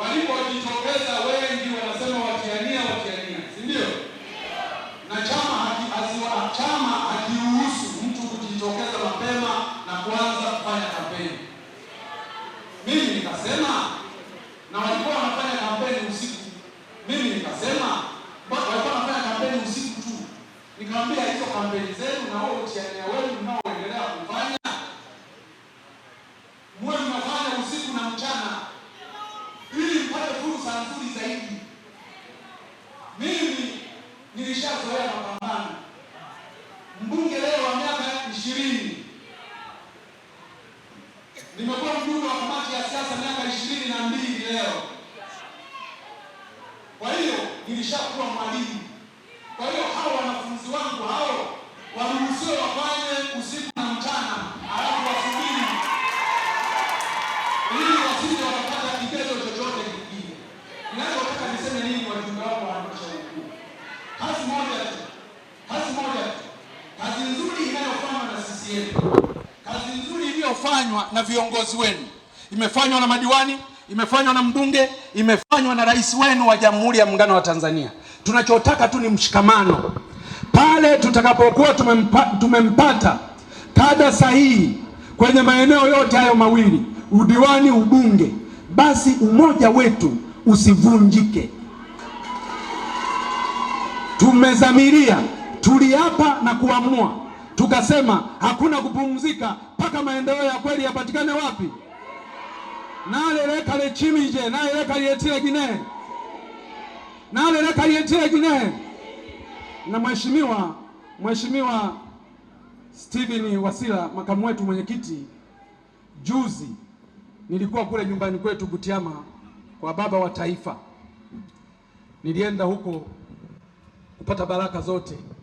walipojitokeza wengi wanasema watiania watiania, si ndio? Na chama chama hakiruhusu mtu kujitokeza mapema na kuanza kufanya kampeni. Mimi nikasema, na walikuwa wanafanya kampeni usiku. Mimi nikasema walikuwa wanafanya kampeni usiku tu, nikamwambia hizo kampeni zenu na wao utiania wenu mnaoendelea kufanya muwe mnafanya usiku na mchana fursa nzuri zaidi. Mimi nilishazoea mapambano. Mbunge leo wa miaka ishirini, nimekuwa mjumbe wa kamati ya siasa miaka ishirini na mbili leo. Kwa hiyo nilishakuwa mwalimu. Kwa hiyo hao wanafunzi wangu hao waruhusiwe wafanye usiku na mchana, halafu wasubiri ili wasije wakapata kigezo chochote. Ninachotaka niseme nini, wangu wa halmashauri kuu, kazi moja tu, kazi moja tu, kazi nzuri inayofanywa na kazi nzuri iliyofanywa na viongozi wenu, imefanywa na madiwani, imefanywa na mbunge, imefanywa na rais wenu wa Jamhuri ya Muungano wa Tanzania. Tunachotaka tu ni mshikamano pale tutakapokuwa tumempa, tumempata kada sahihi kwenye maeneo yote hayo mawili, udiwani, ubunge, basi umoja wetu usivunjike. Tumezamiria, tuliapa na kuamua, tukasema hakuna kupumzika mpaka maendeleo ya kweli yapatikane. Wapi? nalelekale chimije nalelekaliyetile gine nalelekaliyetile gine na mheshimiwa Mheshimiwa Steven Wasira, makamu wetu mwenyekiti, juzi nilikuwa kule nyumbani kwetu Butiama kwa baba wa taifa. Nilienda huko kupata baraka zote.